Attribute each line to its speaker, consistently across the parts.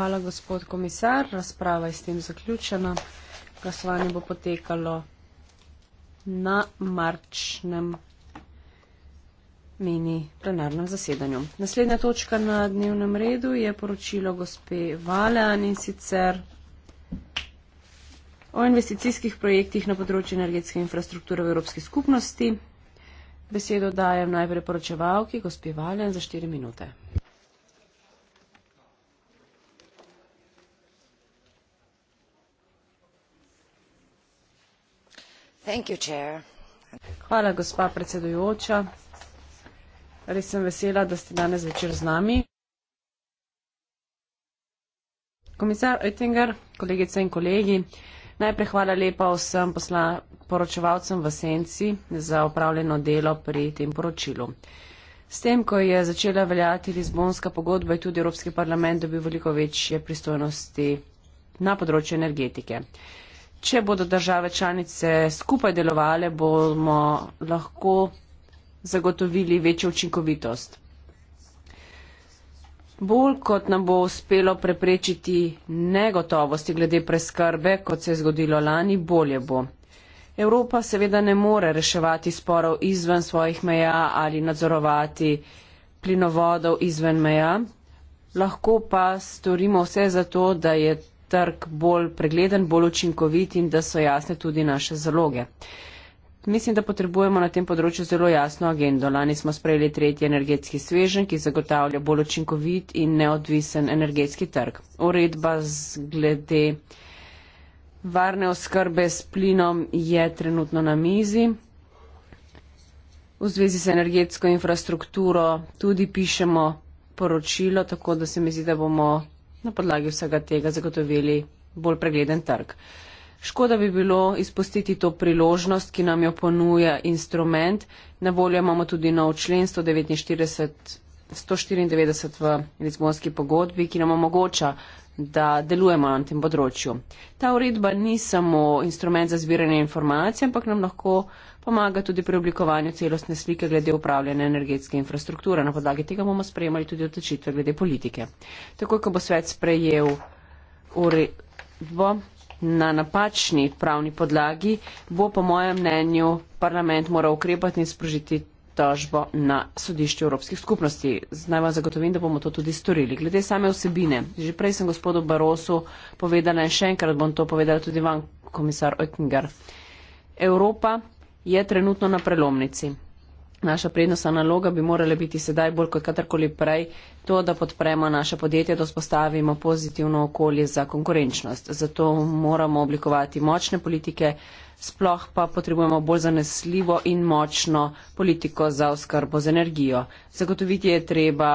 Speaker 1: Hvala, gospod komisar. Razprava je s tem zaključena. Glasovanje bo potekalo na marčnem mini plenarnem zasedanju. Naslednja točka na dnevnem redu je poročilo gospe Valean in sicer o investicijskih projektih na področju energetske infrastrukture v Evropski skupnosti. Besedo dajem najprej poročevalki gospe Valean za 4 minute. Hvala, gospa predsedujoča. Res sem vesela, da ste danes večer z nami. Komisar Oettinger, kolegice in kolegi, najprej hvala lepa vsem posla, poročevalcem v Senci za upravljeno delo pri tem poročilu. S tem, ko je začela veljati Lizbonska pogodba, je tudi Evropski parlament dobil veliko večje pristojnosti na področju energetike če bodo države članice skupaj delovale, bomo lahko zagotovili večjo učinkovitost. Bolj kot nam bo uspelo preprečiti negotovosti glede preskrbe, kot se je zgodilo lani, bolje bo. Evropa seveda ne more reševati sporov izven svojih meja ali nadzorovati plinovodov izven meja, lahko pa storimo vse za to, da je trg bolj pregleden, bolj učinkovit in da so jasne tudi naše zaloge. Mislim, da potrebujemo na tem področju zelo jasno agendo. Lani smo sprejeli tretji energetski svežen, ki zagotavlja bolj učinkovit in neodvisen energetski trg. Uredba glede varne oskrbe s plinom je trenutno na mizi. V zvezi s energetsko infrastrukturo tudi pišemo poročilo, tako da se mi zdi, da bomo na podlagi vsega tega zagotovili bolj pregleden trg. Škoda bi bilo izpustiti to priložnost, ki nam jo ponuja instrument. Na voljo imamo tudi nov člen 149, 194 v Lizbonski pogodbi, ki nam omogoča, da delujemo na tem področju. Ta uredba ni samo instrument za zbiranje informacij, ampak nam lahko pomaga tudi pri oblikovanju celostne slike glede upravljanja energetske infrastrukture. Na podlagi tega bomo sprejemali tudi odločitve glede politike. Tako, ko bo svet sprejel uredbo na napačni pravni podlagi, bo po mojem mnenju parlament moral ukrepati in sprožiti tožbo na sodišču Evropskih skupnosti. Naj vam zagotovim, da bomo to tudi storili. Glede same osebine, že prej sem gospodu Barosu povedala in še enkrat bom to povedala tudi vam, komisar Oettinger. Evropa je trenutno na prelomnici. Naša prednostna naloga bi morala biti sedaj bolj kot katarkoli prej to, da podpremo naše podjetje, da spostavimo pozitivno okolje za konkurenčnost. Zato moramo oblikovati močne politike, sploh pa potrebujemo bolj zanesljivo in močno politiko za oskrbo z energijo. Zagotoviti je treba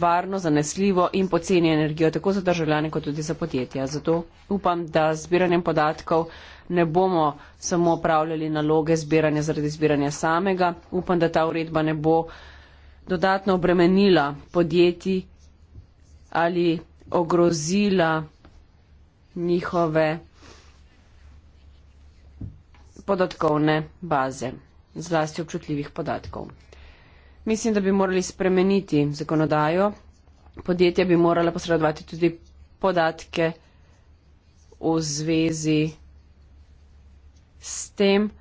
Speaker 1: varno, zanesljivo in poceni energijo tako za državljane kot tudi za podjetja. Zato upam, da zbiranjem podatkov ne bomo samo upravljali naloge zbiranja zaradi zbiranja samega. Upam, da ta uredba ne bo dodatno obremenila podjetij ali ogrozila njihove podatkovne baze, zlasti občutljivih podatkov. Mislim, da bi morali spremeniti zakonodajo. Podjetja bi morala posredovati tudi podatke v zvezi s tem,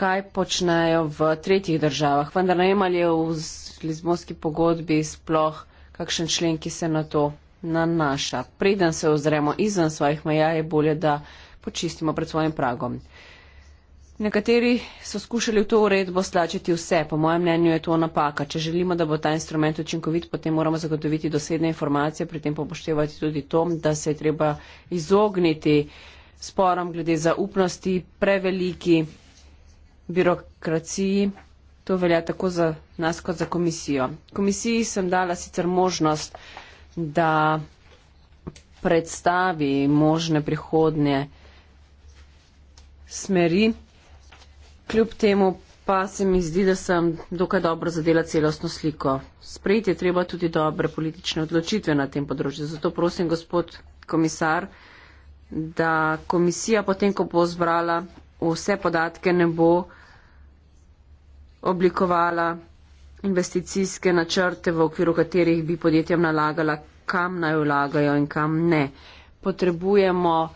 Speaker 1: kaj počnejo v tretjih državah. Vendar ne vem, ali je v Lizbonski pogodbi sploh kakšen člen, ki se na to nanaša. Preden se ozremo izven svojih meja, je bolje, da počistimo pred svojim pragom. Nekateri so skušali v to uredbo slačiti vse. Po mojem mnenju je to napaka. Če želimo, da bo ta instrument učinkovit, potem moramo zagotoviti dosedne informacije, pri tem pa poštevati tudi to, da se je treba izogniti uh, sporom glede zaupnosti, preveliki birokraciji. To velja tako za nas kot za komisijo. Komisiji sem dala sicer možnost, da predstavi možne prihodnje smeri. Kljub temu pa se mi zdi, da sem dokaj dobro zadela celostno sliko. Sprejeti je treba tudi dobre politične odločitve na tem področju. Zato prosim, gospod komisar, da komisija potem, ko bo zbrala vse podatke, ne bo oblikovala investicijske načrte, v okviru katerih bi podjetjem nalagala, kam naj vlagajo in kam ne. Potrebujemo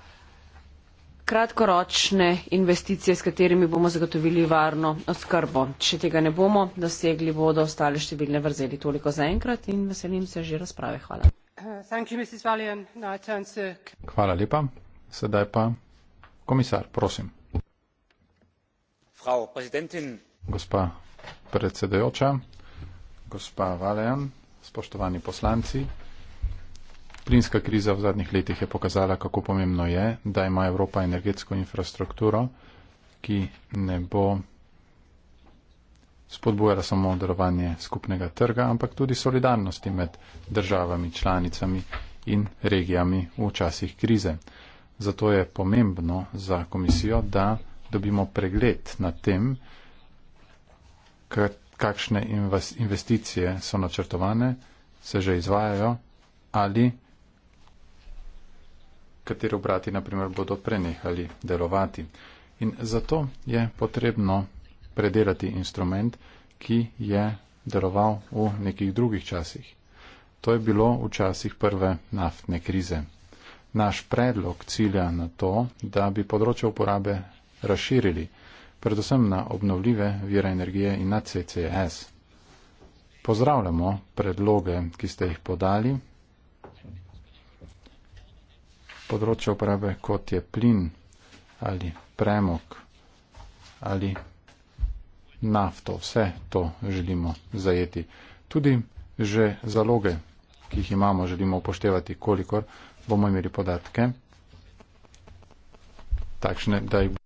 Speaker 1: kratkoročne investicije, s katerimi bomo zagotovili varno oskrbo. Če tega ne bomo dosegli, bodo ostale številne vrzeli. Toliko za enkrat in veselim se že razprave. Hvala. Uh,
Speaker 2: Hvala lepa. Sedaj pa komisar, prosim. Gospa predsedajoča, gospa Valejan, spoštovani poslanci. Plinska kriza v zadnjih letih je pokazala, kako pomembno je, da ima Evropa energetsko infrastrukturo, ki ne bo spodbujala samo delovanje skupnega trga, ampak tudi solidarnosti med državami, članicami in regijami v časih krize. Zato je pomembno za komisijo, da dobimo pregled nad tem, kakšne investicije so načrtovane, se že izvajajo ali kateri obrati, naprimer, bodo prenehali delovati. In zato je potrebno predelati instrument, ki je deloval v nekih drugih časih. To je bilo v časih prve naftne krize. Naš predlog cilja na to, da bi področje uporabe razširili, predvsem na obnovljive vire energije in na CCS. Pozdravljamo predloge, ki ste jih podali. Področje uporabe kot je plin ali premog ali nafto, vse to želimo zajeti. Tudi že zaloge, ki jih imamo, želimo upoštevati, kolikor bomo imeli podatke, takšne, da jih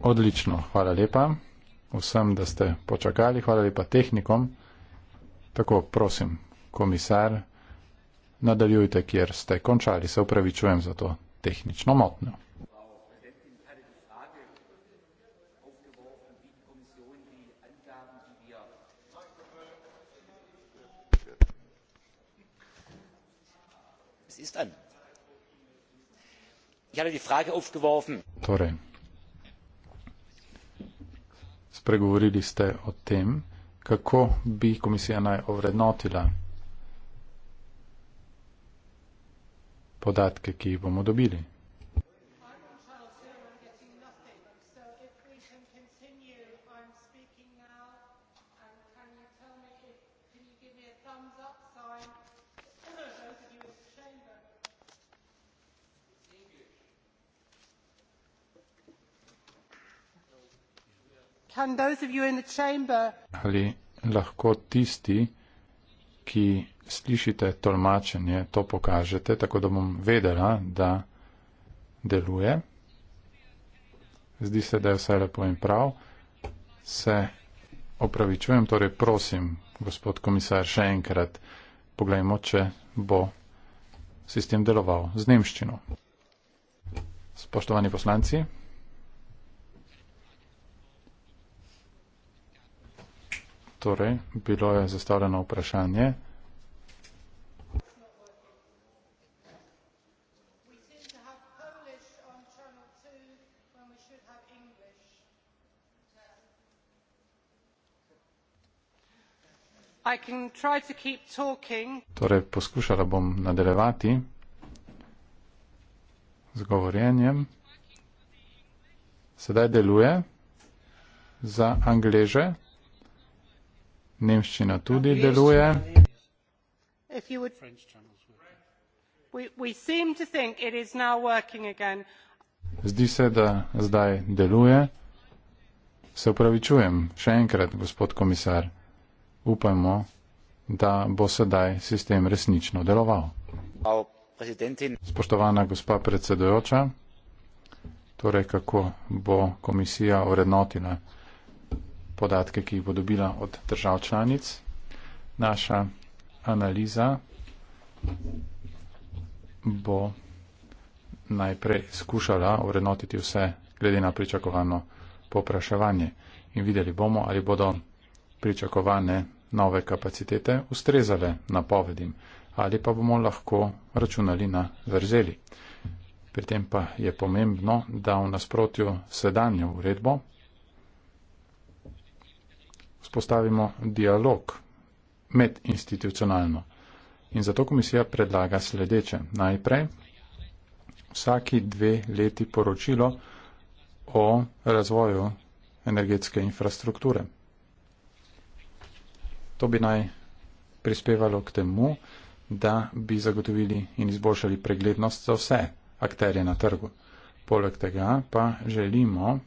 Speaker 2: Odlično, hvala lepa vsem, da ste počakali, hvala lepa tehnikom. Tako, prosim, komisar, nadaljujte, kjer ste končali, se upravičujem za to tehnično motno. Ist ein
Speaker 3: Torej,
Speaker 2: spregovorili ste o tem, kako bi komisija naj ovrednotila podatke, ki jih bomo dobili. Ali lahko tisti, ki slišite tolmačenje, to pokažete, tako da bom vedela, da deluje. Zdi se, da je vse lepo in prav. Se opravičujem, torej prosim, gospod komisar, še enkrat poglejmo, če bo sistem deloval z nemščino. Spoštovani poslanci, Torej, bilo je zastavljeno vprašanje.
Speaker 3: I can try to keep talking.
Speaker 2: Torej, poskušala bom nadaljevati z govorjenjem. Sedaj deluje za angleže nemščina tudi deluje. Zdi se, da zdaj deluje. Se upravičujem, še enkrat, gospod komisar, upajmo, da bo sedaj sistem resnično deloval. Spoštovana gospa predsedujoča, torej kako bo komisija urednotila podatke, ki jih bo dobila od držav članic. Naša analiza bo najprej skušala urednotiti vse glede na pričakovano popraševanje in videli bomo, ali bodo pričakovane nove kapacitete ustrezale napovedim ali pa bomo lahko računali na vrzeli. Pri tem pa je pomembno, da v nasprotju sedanjo uredbo spostavimo dialog medinstitucionalno. In zato komisija predlaga sledeče. Najprej vsaki dve leti poročilo o razvoju energetske infrastrukture. To bi naj prispevalo k temu, da bi zagotovili in izboljšali preglednost za vse akterje na trgu. Poleg tega pa želimo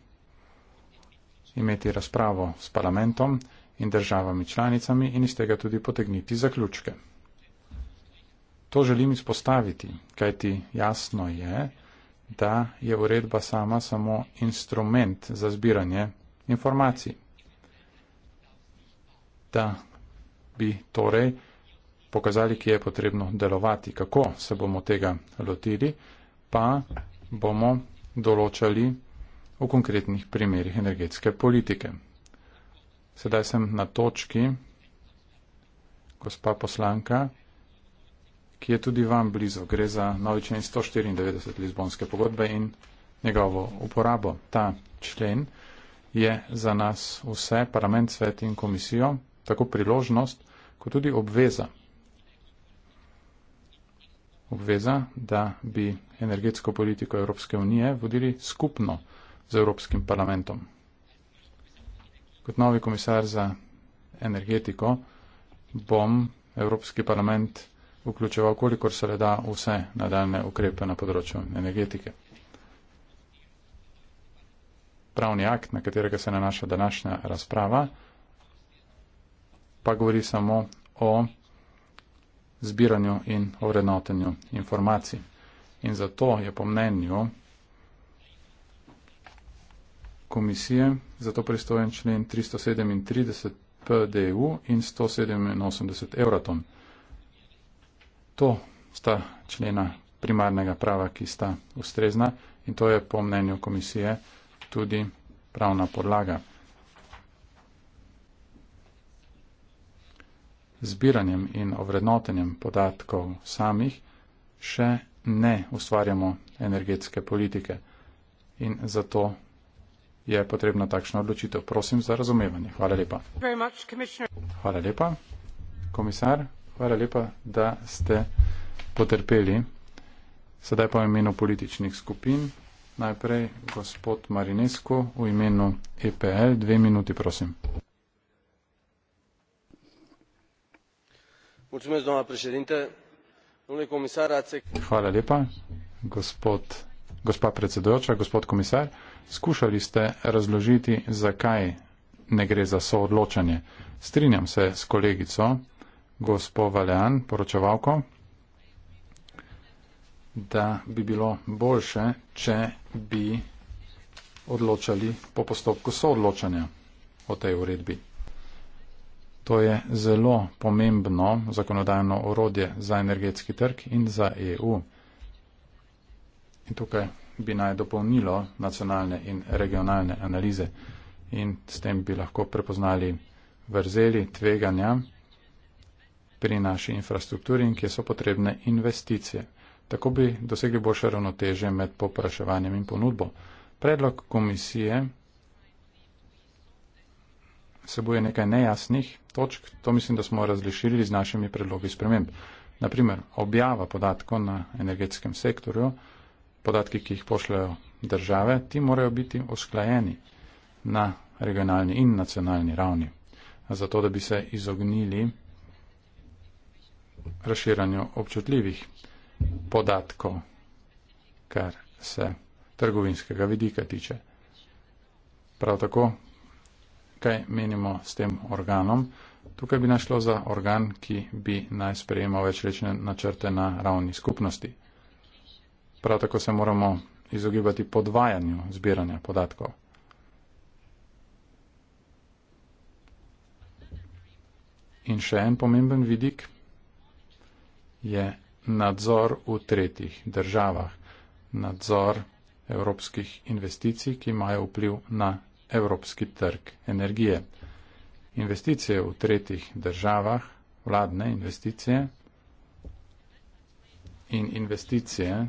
Speaker 2: imeti razpravo s parlamentom in državami članicami in iz tega tudi potegniti zaključke. To želim izpostaviti, kajti jasno je, da je uredba sama samo instrument za zbiranje informacij. Da bi torej pokazali, kje je potrebno delovati, kako se bomo tega lotili, pa bomo določali v konkretnih primerjih energetske politike. Sedaj sem na točki, gospa poslanka, ki je tudi vam blizu. Gre za novi člen 194 Lizbonske pogodbe in njegovo uporabo. Ta člen je za nas vse, parlament, svet in komisijo, tako priložnost, kot tudi obveza. Obveza, da bi energetsko politiko Evropske unije vodili skupno z Evropskim parlamentom. Kot novi komisar za energetiko bom Evropski parlament vključeval, kolikor se le da, vse nadaljne ukrepe na področju energetike. Pravni akt, na katerega se nanaša današnja razprava, pa govori samo o zbiranju in ovrednotenju informacij. In zato je po mnenju komisije, zato pristojen člen 337 PDU in 187 Euratom. To sta člena primarnega prava, ki sta ustrezna in to je po mnenju komisije tudi pravna podlaga. Zbiranjem in ovrednotenjem podatkov samih še ne ustvarjamo energetske politike in zato je potrebna takšna odločitev. Prosim za razumevanje. Hvala lepa. Hvala lepa, komisar. Hvala lepa, da ste potrpeli. Sedaj pa v imenu političnih skupin. Najprej gospod Marinesko v imenu EPL. Dve minuti, prosim.
Speaker 1: Mulțumesc, doamna președinte. Domnule comisar, ați...
Speaker 2: Hvala lepa, gospod, gospa predsedujoča, gospod comisar. Skušali ste razložiti, zakaj ne gre za soodločanje. Strinjam se s kolegico, gospod Valean, poročevalko, da bi bilo boljše, če bi odločali po postopku soodločanja o tej uredbi. To je zelo pomembno zakonodajno orodje za energetski trg in za EU. In tukaj bi naj dopolnilo nacionalne in regionalne analize in s tem bi lahko prepoznali vrzeli tveganja pri naši infrastrukturi in kje so potrebne investicije. Tako bi dosegli boljše ravnoteže med popraševanjem in ponudbo. Predlog komisije seboj nekaj nejasnih točk, to mislim, da smo razlišili z našimi predlogi sprememb. Naprimer, objava podatkov na energetskem sektorju podatki, ki jih pošljajo države, ti morajo biti usklajeni na regionalni in nacionalni ravni, zato da bi se izognili razširanju občutljivih podatkov, kar se trgovinskega vidika tiče. Prav tako, kaj menimo s tem organom, tukaj bi našlo za organ, ki bi naj sprejemal večlične načrte na ravni skupnosti. Prav tako se moramo izogibati podvajanju zbiranja podatkov. In še en pomemben vidik je nadzor v tretjih državah, nadzor evropskih investicij, ki imajo vpliv na evropski trg energije. Investicije v tretjih državah, vladne investicije in investicije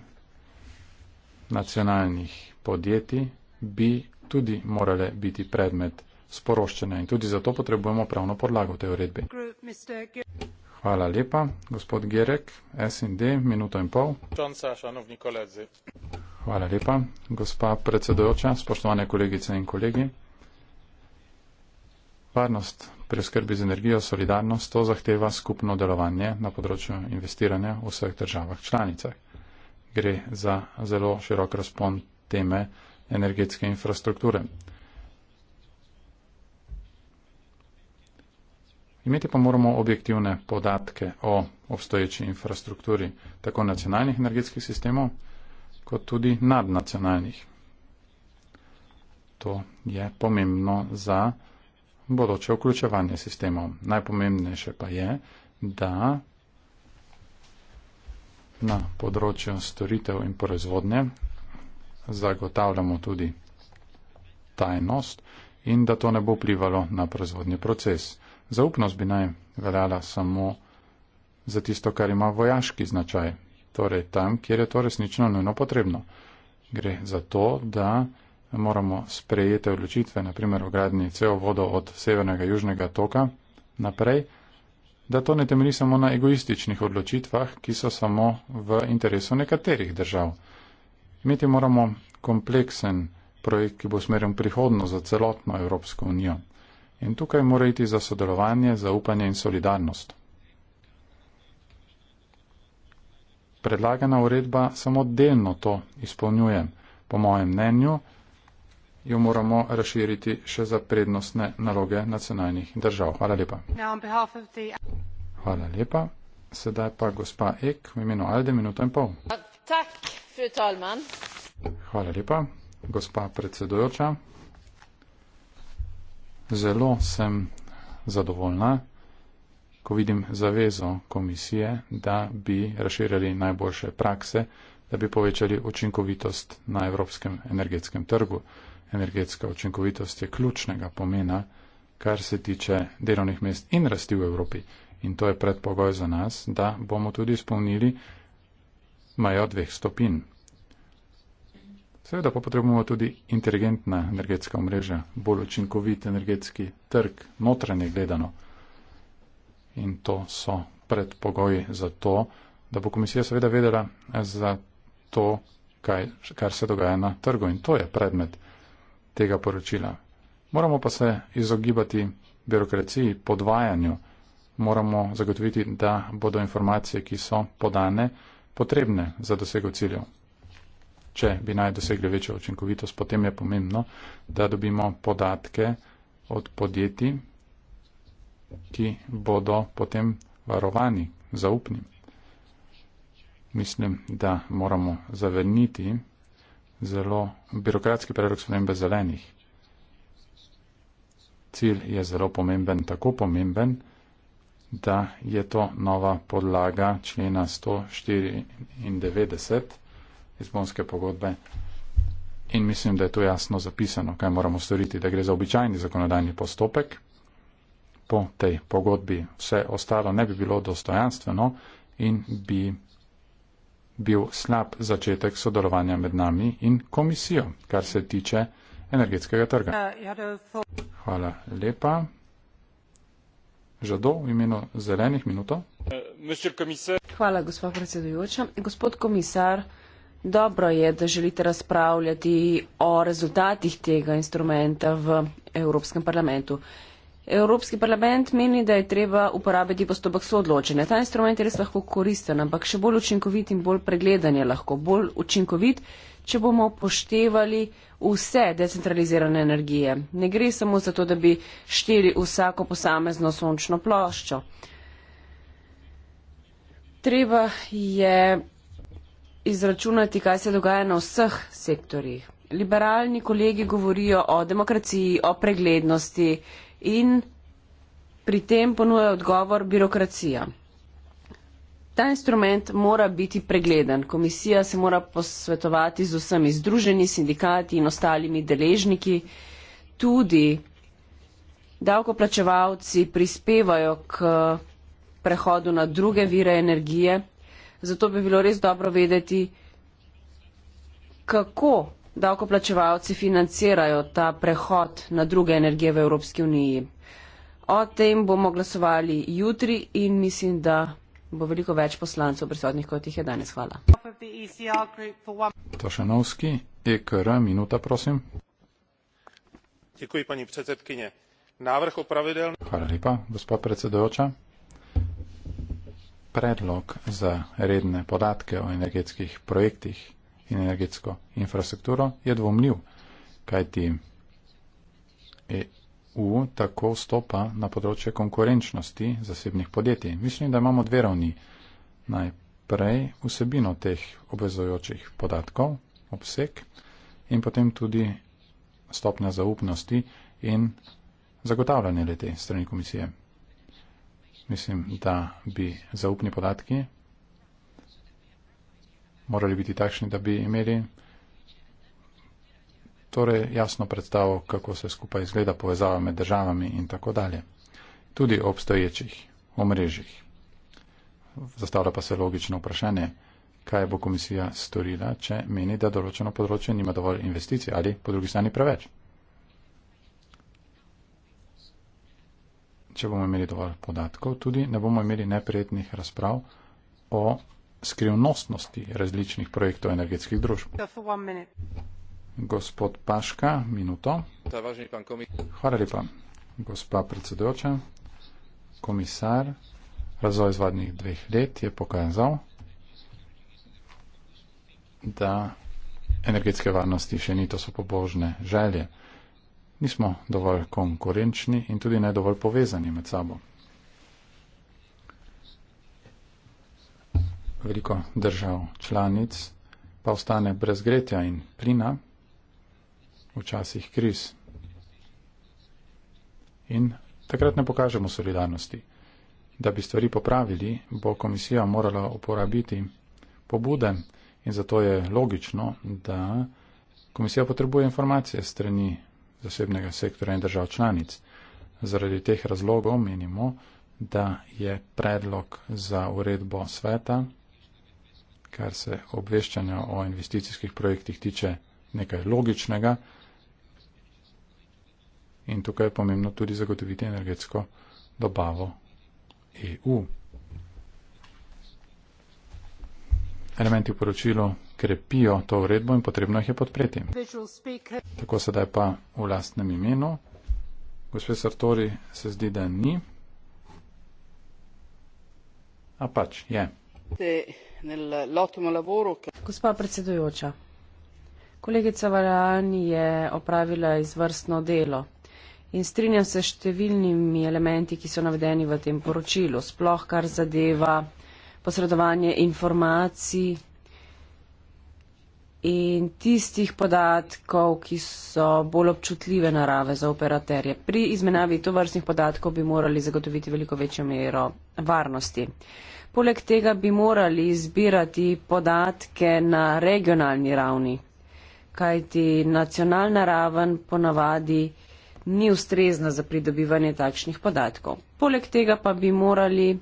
Speaker 2: nacionalnih podjetij bi tudi morale biti predmet sporoščene in tudi zato potrebujemo pravno podlago te uredbe. Hvala lepa, gospod Gerek, SND, minuto in pol. Hvala lepa, gospa predsedojoča, spoštovane kolegice in kolegi. Varnost pri skrbi z energijo, solidarnost, to zahteva skupno delovanje na področju investiranja v vseh državah članicah gre za zelo širok razpon teme energetske infrastrukture. Imeti pa moramo objektivne podatke o obstoječi infrastrukturi tako nacionalnih energetskih sistemov, kot tudi nadnacionalnih. To je pomembno za bodoče vključevanje sistemov. Najpomembnejše pa je, da na področju storitev in proizvodnje, zagotavljamo tudi tajnost in da to ne bo vplivalo na proizvodni proces. Zaupnost bi naj veljala samo za tisto, kar ima vojaški značaj, torej tam, kjer je to resnično nujno potrebno. Gre za to, da moramo sprejete odločitve, naprimer v gradni cevovodo od severnega južnega toka naprej, da to ne temelji samo na egoističnih odločitvah, ki so samo v interesu nekaterih držav. Imeti moramo kompleksen projekt, ki bo smerjen prihodno za celotno Evropsko unijo. In tukaj mora iti za sodelovanje, zaupanje in solidarnost. Predlagana uredba samo delno to izpolnjuje. Po mojem mnenju, jo moramo razširiti še za prednostne naloge nacionalnih držav. Hvala lepa. Hvala lepa. Sedaj pa gospa Ek v imenu Alde, minuto in pol.
Speaker 3: Ja,
Speaker 2: Hvala lepa, gospa predsedujoča. Zelo sem zadovoljna, ko vidim zavezo komisije, da bi razširjali najboljše prakse, da bi povečali učinkovitost na evropskem energetskem trgu energetska učinkovitost je ključnega pomena, kar se tiče delovnih mest in rasti v Evropi. In to je predpogoj za nas, da bomo tudi izpolnili majo dveh stopin. Seveda pa potrebujemo tudi inteligentna energetska omrežja, bolj učinkovit energetski trg, notranje gledano. In to so predpogoji za to, da bo komisija seveda vedela za to, kaj, kar se dogaja na trgu. In to je predmet tega poročila. Moramo pa se izogibati birokraciji, podvajanju. Moramo zagotoviti, da bodo informacije, ki so podane, potrebne za dosego ciljev. Če bi naj dosegli večjo učinkovitost, potem je pomembno, da dobimo podatke od podjetij, ki bodo potem varovani, zaupni. Mislim, da moramo zavrniti zelo birokratski predlog spremembe zelenih. Cilj je zelo pomemben, tako pomemben, da je to nova podlaga člena 194 izbonske pogodbe. In mislim, da je to jasno zapisano, kaj moramo storiti, da gre za običajni zakonodajni postopek. Po tej pogodbi vse ostalo ne bi bilo dostojanstveno in bi bil slab začetek sodelovanja med nami in komisijo, kar se tiče energetskega trga. Hvala lepa. Žado v imenu zelenih minuto.
Speaker 1: Hvala, gospod predsedujoča. Gospod komisar, dobro je, da želite razpravljati o rezultatih tega instrumenta v Evropskem parlamentu. Evropski parlament meni, da je treba uporabiti postopek soodločenja. Ta instrument je res lahko koristen, ampak še bolj učinkovit in bolj pregledan je lahko. Bolj učinkovit, če bomo poštevali vse decentralizirane energije. Ne gre samo za to, da bi šteli vsako posamezno sončno ploščo. Treba je izračunati, kaj se dogaja na vseh sektorjih. Liberalni kolegi govorijo o demokraciji, o preglednosti, in pri tem ponuja odgovor birokracija. Ta instrument mora biti pregleden. Komisija se mora posvetovati z vsemi združeni sindikati in ostalimi deležniki. Tudi davkoplačevalci prispevajo k prehodu na druge vire energije. Zato bi bilo res dobro vedeti, kako davkoplačevalci financirajo ta prehod na druge energije v Evropski uniji. O tem bomo glasovali jutri in mislim, da bo veliko več poslancev prisotnih, kot jih je danes. Hvala.
Speaker 2: Tošanovski, EKR, minuta, prosim. Děkuji, paní předsedkyně. Návrh o pravidelné... Hvala lepa, gospod predsedujoča. Predlog za redne podatke o energetskih projektih in energetsko infrastrukturo, je dvomljiv, kajti EU tako vstopa na področje konkurenčnosti zasebnih podjetij. Mislim, da imamo dve ravni. Najprej vsebino teh obvezojočih podatkov, obseg in potem tudi stopnja zaupnosti in zagotavljanje le te strani komisije. Mislim, da bi zaupni podatki morali biti takšni, da bi imeli torej jasno predstavo, kako se skupaj izgleda povezava med državami in tako dalje. Tudi obstoječih omrežjih. Zastavlja pa se logično vprašanje, kaj bo komisija storila, če meni, da določeno področje nima dovolj investicij ali po drugi strani preveč. Če bomo imeli dovolj podatkov, tudi ne bomo imeli neprijetnih razprav o skrivnostnosti različnih projektov energetskih družb. Gospod Paška, minuto. Hvala lepa. Gospa predsedujoča, komisar, razvoj zvadnih dveh let je pokazal, da energetske varnosti še ni to so pobožne želje. Nismo dovolj konkurenčni in tudi ne dovolj povezani med sabo. veliko držav članic pa ostane brez gretja in plina, včasih kriz. In takrat ne pokažemo solidarnosti. Da bi stvari popravili, bo komisija morala uporabiti pobude in zato je logično, da komisija potrebuje informacije strani zasebnega sektora in držav članic. Zaradi teh razlogov menimo, da je predlog za uredbo sveta kar se obveščanja o investicijskih projektih tiče, nekaj logičnega. In tukaj je pomembno tudi zagotoviti energetsko dobavo EU. Elementi v poročilu krepijo to uredbo in potrebno jih je podpreti. Tako sedaj pa v lastnem imenu. Gospe Sartori se zdi, da ni. A pač je. Yeah
Speaker 1: gospa predsedujoča kolegica varani je opravila izvrstno delo in strinjam se s številnimi elementi ki so navedeni v tem poročilu sploh kar zadeva posredovanje informacij in tistih podatkov, ki so bolj občutljive narave za operaterje. Pri izmenjavi tovrstnih podatkov bi morali zagotoviti veliko večjo mero varnosti. Poleg tega bi morali zbirati podatke na regionalni ravni, kajti nacionalna raven ponavadi ni ustrezna za pridobivanje takšnih podatkov. Poleg tega pa bi morali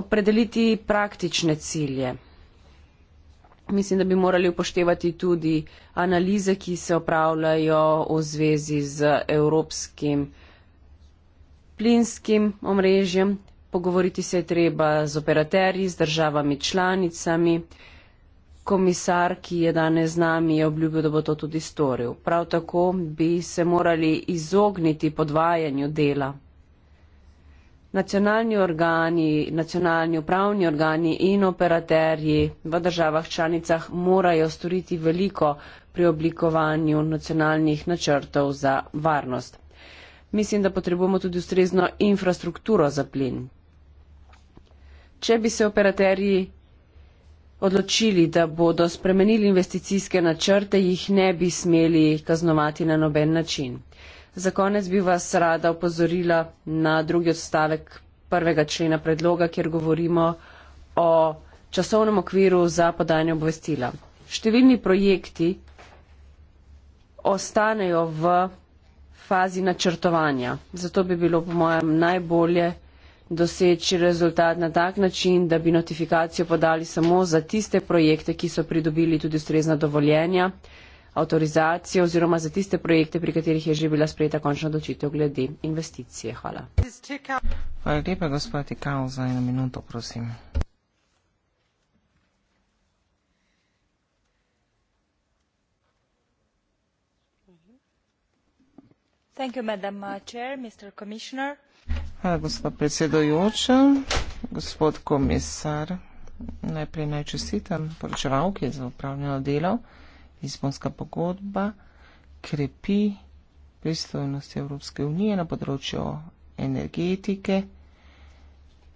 Speaker 1: opredeliti praktične cilje mislim, da bi morali upoštevati tudi analize, ki se opravljajo v zvezi z evropskim plinskim omrežjem. Pogovoriti se je treba z operaterji, z državami članicami. Komisar, ki je danes z nami, je obljubil, da bo to tudi storil. Prav tako bi se morali izogniti podvajanju dela nacionalni organi, nacionalni upravni organi in operaterji v državah članicah morajo storiti veliko pri oblikovanju nacionalnih načrtov za varnost. Mislim, da potrebujemo tudi ustrezno infrastrukturo za plin. Če bi se operaterji odločili, da bodo spremenili investicijske načrte, jih ne bi smeli kaznovati na noben način. Za konec bi vas rada opozorila na drugi odstavek prvega člena predloga, kjer govorimo o časovnem okviru za podajanje obvestila. Številni projekti ostanejo v fazi načrtovanja. Zato bi bilo po mojem najbolje doseči rezultat na tak način, da bi notifikacijo podali samo za tiste projekte, ki so pridobili tudi ustrezna dovoljenja avtorizacijo oziroma za tiste projekte, pri katerih je že bila sprejeta končna
Speaker 3: odločitev glede investicije. Hvala. Hvala lepa, gospod Tikal, za eno minuto, prosim.
Speaker 1: You, uh, Chair,
Speaker 3: Hvala, gospod predsedojoča, gospod komisar. Najprej najčustitam poročevalki za upravljeno delo. Lizbonska pogodba krepi pristojnost Evropske unije na področju energetike,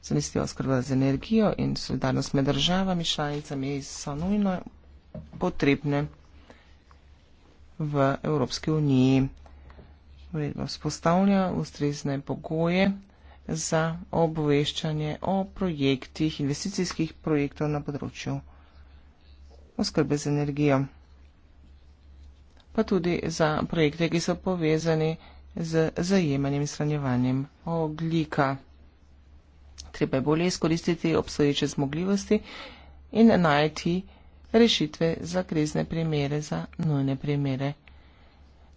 Speaker 3: zanesljiva skrba z energijo in solidarnost med državami članicami so nujno potrebne v Evropski uniji. Uredba vzpostavlja ustrezne pogoje za obveščanje o projektih, investicijskih projektov na področju oskrbe z energijo pa tudi za projekte, ki so povezani z zajemanjem in shranjevanjem oglika. Treba je bolje izkoristiti obstoječe zmogljivosti in najti rešitve za krizne primere, za nujne primere.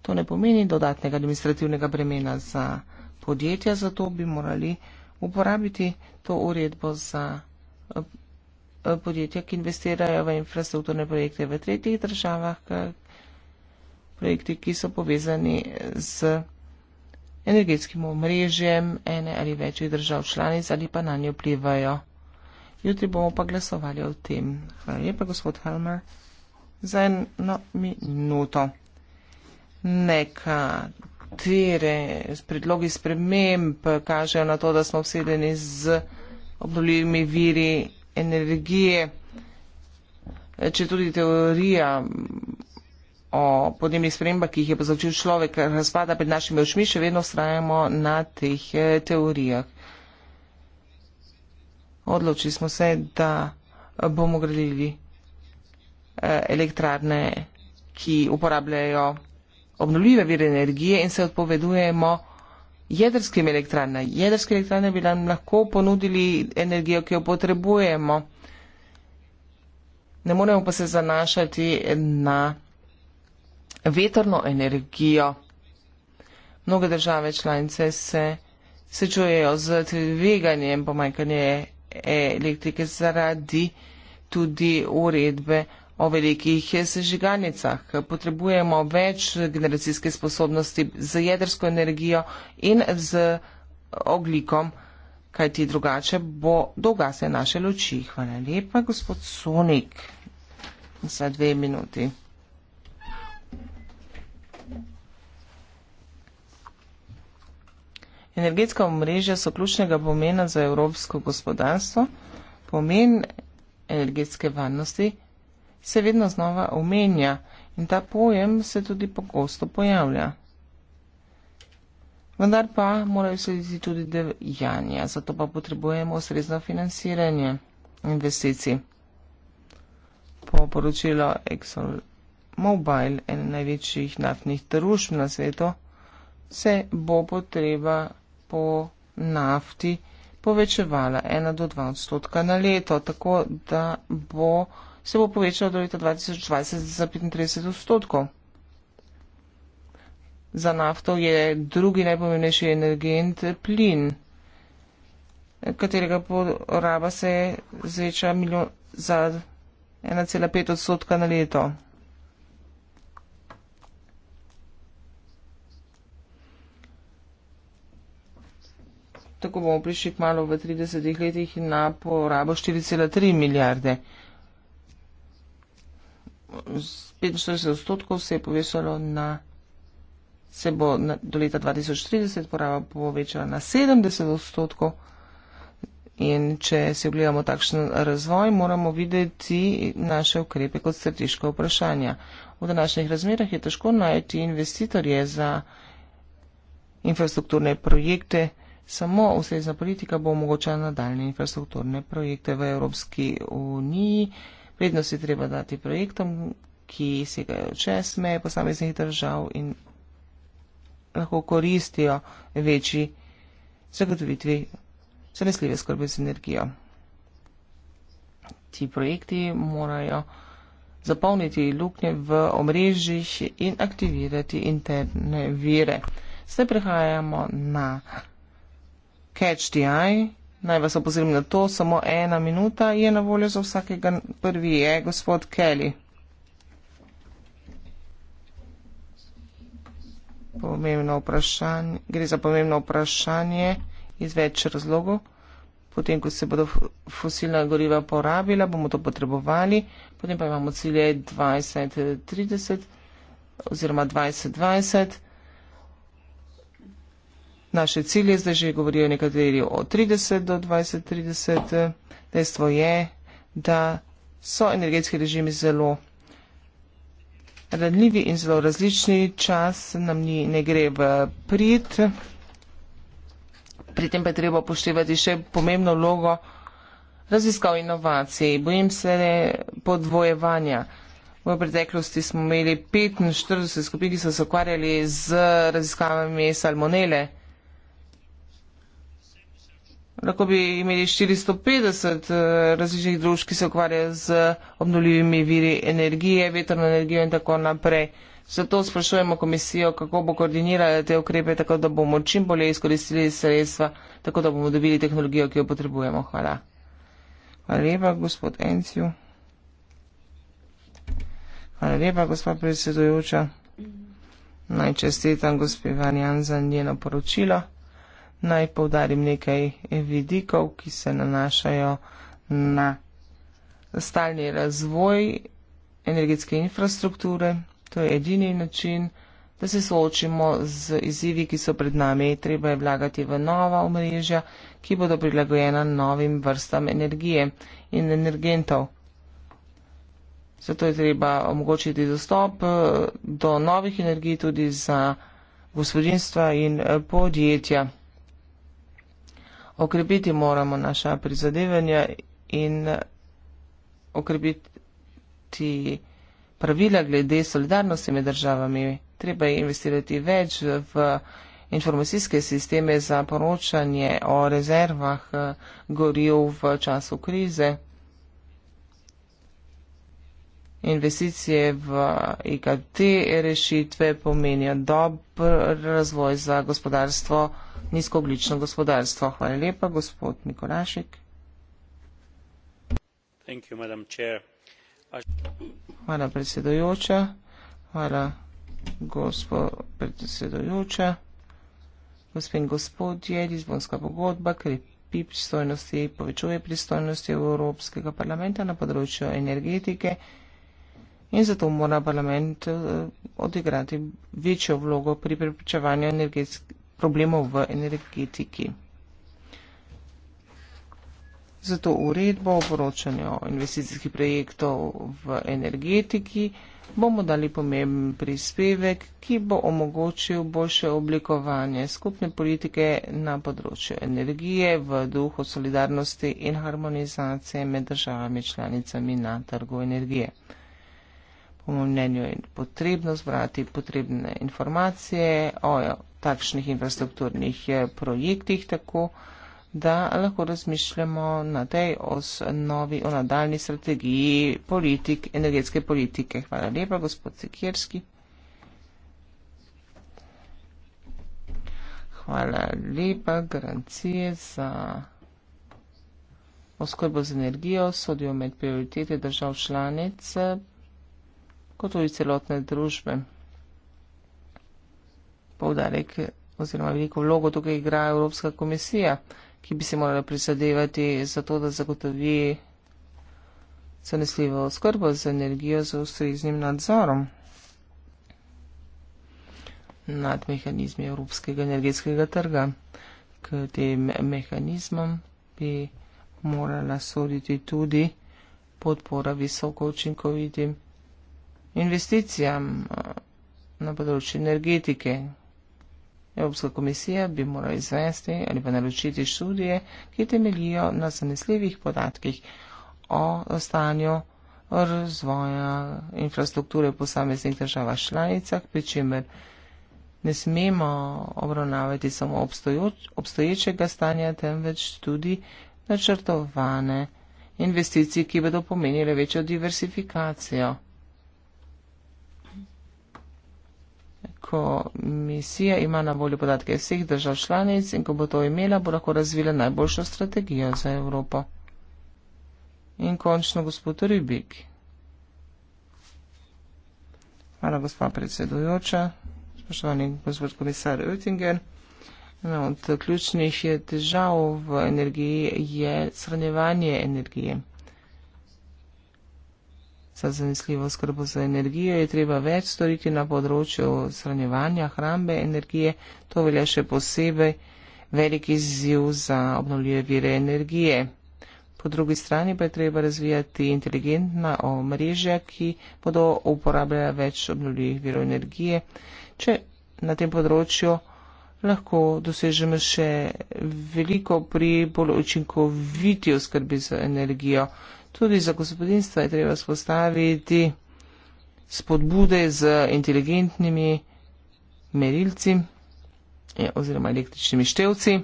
Speaker 3: To ne pomeni dodatnega administrativnega bremena za podjetja, zato bi morali uporabiti to uredbo za eh, podjetja, ki investirajo v infrastrukturne projekte v tretjih državah, projekti, ki so povezani z energetskim omrežjem ene ali večjih držav članic ali pa na njo vplivajo. Jutri bomo pa glasovali o tem. Hvala lepa, gospod Helmer, za eno minuto. Nekatere predlogi sprememb kažejo na to, da smo obsedeni z obnovljivimi viri energije. Če tudi teorija o podnebnih spremembah, ki jih je povzročil človek, razpada pred našimi očmi, še vedno vztrajamo na teh eh, teorijah. Odločili smo se, da bomo gradili eh, elektrarne, ki uporabljajo obnovljive vire energije in se odpovedujemo jedrskim elektrarnam. Jedrske elektrarne bi nam lahko ponudili energijo, ki jo potrebujemo. Ne moremo pa se zanašati na vetrno energijo. Mnoge države članice se srečujejo z tveganjem pomanjkanja elektrike zaradi tudi uredbe o velikih sežiganicah. Potrebujemo več generacijske sposobnosti z jedrsko energijo in z oglikom, kajti drugače bo dogase naše luči. Hvala lepa, gospod Sonik, za dve minuti. Energetska omrežja so ključnega pomena za evropsko gospodarstvo. Pomen energetske varnosti se vedno znova omenja in ta pojem se tudi pogosto pojavlja. Vendar pa morajo slediti tudi dejanja, zato pa potrebujemo ustrezno financiranje investicij. Po poročilu Exxon Mobil, ene največjih naftnih družb na svetu, se bo potreba po nafti povečevala ena do dva odstotka na leto, tako da bo, se bo povečala do leta 2020 za 35 odstotkov. Za nafto je drugi najpomembnejši energent plin, katerega poraba se zveča milijon, za 1,5 odstotka na leto. tako bomo prišli k malu v 30 letih na porabo 4,3 milijarde. 45 odstotkov se je povesalo na, se bo na, do leta 2030 poraba povečala na 70 odstotkov. In če si ogledamo takšen razvoj, moramo videti naše ukrepe kot strateško vprašanje. V današnjih razmerah je težko najti investitorje za infrastrukturne projekte. Samo ustrezna politika bo omogočala nadaljne infrastrukturne projekte v Evropski uniji. Prednost je treba dati projektom, ki segajo čez meje posameznih držav in lahko koristijo večji zagotovitvi zanesljive skrbe z energijo. Ti projekti morajo zapolniti luknje v omrežjih in aktivirati interne vire. Zdaj prehajamo na Catch the Eye. Naj vas opozorim na to, samo ena minuta je na voljo za vsakega. Prvi je gospod Kelly. Pomembno vprašanje, gre za pomembno vprašanje iz več razlogov. Potem, ko se bodo fosilna goriva porabila, bomo to potrebovali. Potem pa imamo cilje 2030 oziroma 2020. Naše cilje, zdaj že govorijo nekateri o 30 do 2030, dejstvo je, da so energetski režimi zelo ranljivi in zelo različni, čas nam ni, ne gre v prid. Pri tem pa je treba upoštevati še pomembno vlogo raziskav inovacij. Bojim se podvojevanja. V preteklosti smo imeli 45 skupin, ki so se ukvarjali z raziskavami salmonele lahko bi imeli 450 eh, različnih družb, ki se ukvarjajo z obnovljivimi viri energije, vetrno energijo in tako naprej. Zato sprašujemo komisijo, kako bo koordinirala te ukrepe, tako da bomo čim bolje izkoristili sredstva, tako da bomo dobili tehnologijo, ki jo potrebujemo. Hvala. Hvala lepa, gospod Enciu. Hvala lepa, gospod predsedujoča. Najčestitam gospod Ivan Jan za njeno poročilo naj povdarim nekaj vidikov, ki se nanašajo na stalni razvoj energetske infrastrukture. To je edini način, da se soočimo z izzivi, ki so pred nami. Treba je vlagati v nova omrežja, ki bodo prilagojena novim vrstam energije in energentov. Zato je treba omogočiti dostop eh, do novih energij tudi za gospodinstva in eh, podjetja okrepiti moramo naša prizadevanja in okrepiti pravila glede solidarnosti med državami. Treba je investirati več v informacijske sisteme za poročanje o rezervah eh, goril v času krize. Investicije v IKT e rešitve pomenijo dobr razvoj za gospodarstvo, nizkoglično gospodarstvo. Hvala lepa, gospod Nikolašek.
Speaker 1: You, I...
Speaker 3: Hvala predsedujoča. Hvala gospod predsedujoča. Gospod in gospodje, Lizbonska pogodba krepi pristojnosti, povečuje pristojnosti Evropskega parlamenta na področju energetike in zato mora parlament eh, odigrati večjo vlogo pri preprečevanju problemov v energetiki. Zato uredbo o poročanju investicijskih projektov v energetiki bomo dali pomemben prispevek, ki bo omogočil boljše oblikovanje skupne politike na področju energije v duhu solidarnosti in harmonizacije med državami članicami na trgu energije po mojem mnenju je potrebno zbrati potrebne informacije o takšnih infrastrukturnih eh, projektih, tako da lahko razmišljamo na tej osnovi o nadaljni strategiji politik, energetske politike. Hvala lepa, gospod Sekirski. Hvala lepa, garancije za oskrbo z energijo sodijo med prioritete držav članic kot tudi celotne družbe. Povdarek oziroma veliko vlogo tukaj igra Evropska komisija, ki bi se morala prizadevati za to, da zagotovi zanesljivo oskrbo z energijo z ustreznim nadzorom nad mehanizmi Evropskega energetskega trga. K tem mehanizmom bi morala soditi tudi podpora visoko učinkovitim investicijam eh, na področju energetike. Evropska komisija bi morala izvesti ali pa naročiti študije, ki temeljijo na zanesljivih podatkih o stanju razvoja infrastrukture v posameznih državah članicah, pri čemer ne smemo obravnavati samo obstojoč, obstoječega stanja, temveč tudi načrtovane investicije, ki bodo pomenile večjo diversifikacijo. komisija ima na voljo podatke vseh držav članic in ko bo to imela, bo lahko razvila najboljšo strategijo za Evropo. In končno gospod Rybik. Hvala, gospa predsedujoča, spoštovani gospod komisar Oettinger. No, od ključnih težav v energiji je shranjevanje energije za zanesljivo skrbo za energijo, je treba več storiti na področju shranjevanja, hrambe energije. To velja še posebej velik izziv za obnovljive vire energije. Po drugi strani pa je treba razvijati inteligentna omrežja, ki bodo uporabljala več obnovljivih virov energije. Če na tem področju lahko dosežemo še veliko pri bolj učinkoviti oskrbi z energijo, Tudi za gospodinstva je treba spostaviti spodbude z inteligentnimi merilci eh, oziroma električnimi števci.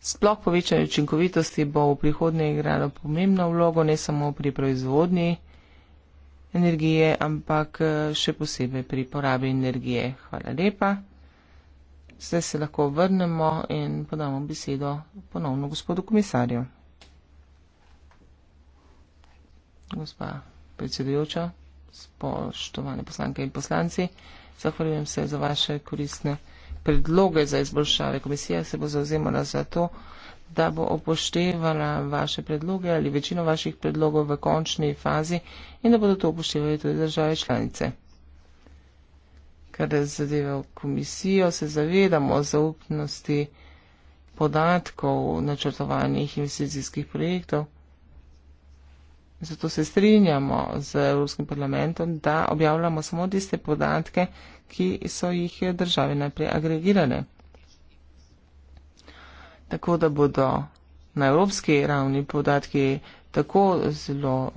Speaker 3: Sploh povečanje učinkovitosti bo v prihodnje igralo pomembno vlogo ne samo pri proizvodnji energije, ampak eh, še posebej pri porabi energije. Hvala lepa. Zdaj se lahko vrnemo in podamo besedo ponovno gospodu komisarju. gospa predsedujoča, spoštovane poslanke in poslanci. Zahvaljujem se za vaše koristne predloge za izboljšave. Komisija se bo zauzemala za to, da bo upoštevala vaše predloge ali večino vaših predlogov v končni fazi in da bodo to upoštevali tudi države članice. Kar zadeva komisijo, se zavedamo zaupnosti podatkov načrtovanih investicijskih projektov. Zato se strinjamo z Evropskim parlamentom, da objavljamo samo tiste podatke, ki so jih države najprej agregirane. Tako da bodo na evropski ravni podatki tako zelo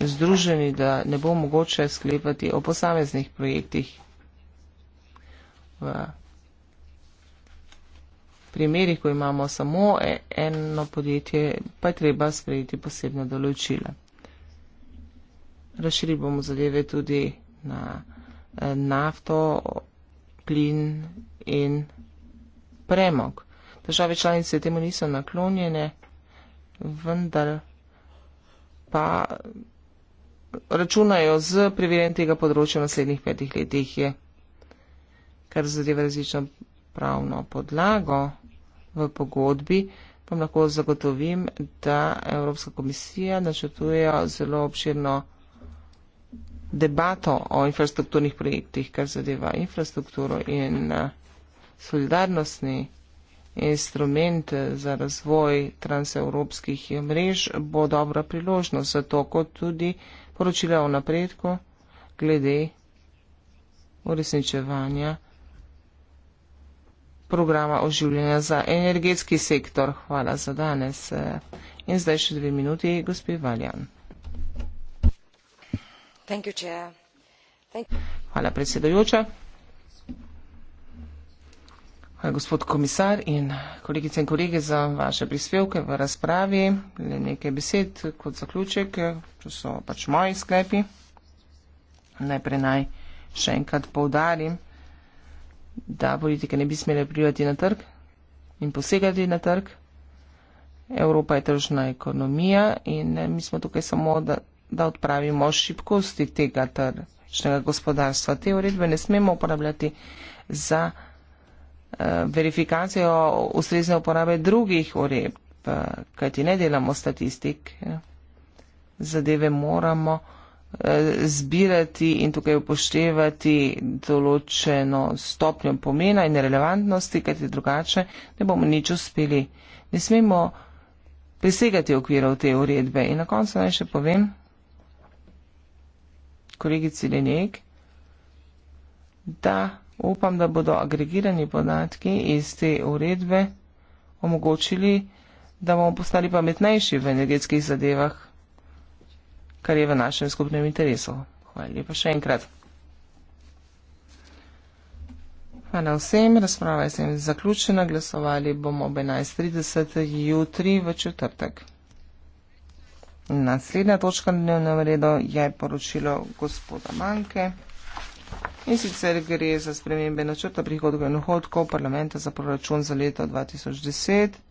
Speaker 3: združeni, da ne bo mogoče sklepati o posameznih projektih v primerih, ko imamo samo e-, eno podjetje, pa je treba sprejeti posebne določila. Razširi bomo zadeve tudi na e, nafto, plin in premog. Države članice temu niso naklonjene, vendar pa računajo z preverjanjem tega področja v naslednjih petih letih, je kar zadeva različno pravno podlago v pogodbi, vam lahko zagotovim, da Evropska komisija načrtuje zelo obširno debato o infrastrukturnih projektih, kar zadeva infrastrukturo in eh, solidarnostni instrument za razvoj transevropskih mrež bo dobra priložnost za to, kot tudi poročila o napredku glede uresničevanja programa oživljanja za energetski sektor. Hvala za danes. In zdaj še dve minuti, gospod Valjan. Hvala, predsedujoča. Hvala, gospod komisar in kolegice in kolege, za vaše prispevke v razpravi. Le nekaj besed kot zaključek, to so pač moji sklepi. Najprej naj še enkrat poudarim da politike ne bi smele privati na trg in posegati na trg. Evropa je tržna ekonomija in eh, mi smo tukaj samo, da, da odpravimo šibkosti tega tržnega gospodarstva. Te uredbe ne smemo uporabljati za uh, verifikacijo ustrezne uporabe drugih uredb, eh, kajti ne delamo statistik. Zadeve moramo. Eh, zbirati in tukaj upoštevati določeno stopnjo pomena in relevantnosti, kajti drugače ne bomo nič uspeli. Ne smemo presegati okvirov te uredbe. In na koncu naj še povem kolegici Lenek, da upam, da bodo agregirani podatki iz te uredbe omogočili, da bomo postali pametnejši v energetskih zadevah kar je v našem skupnem interesu. Hvala lepa še enkrat. Hvala vsem, razprava je sem zaključena, glasovali bomo ob 11.30 jutri v četrtek. Naslednja točka na dnevnem redu je poročilo gospoda Manke. In sicer gre za spremembe načrta prihodkov in dohodkov parlamenta za proračun za leto 2010.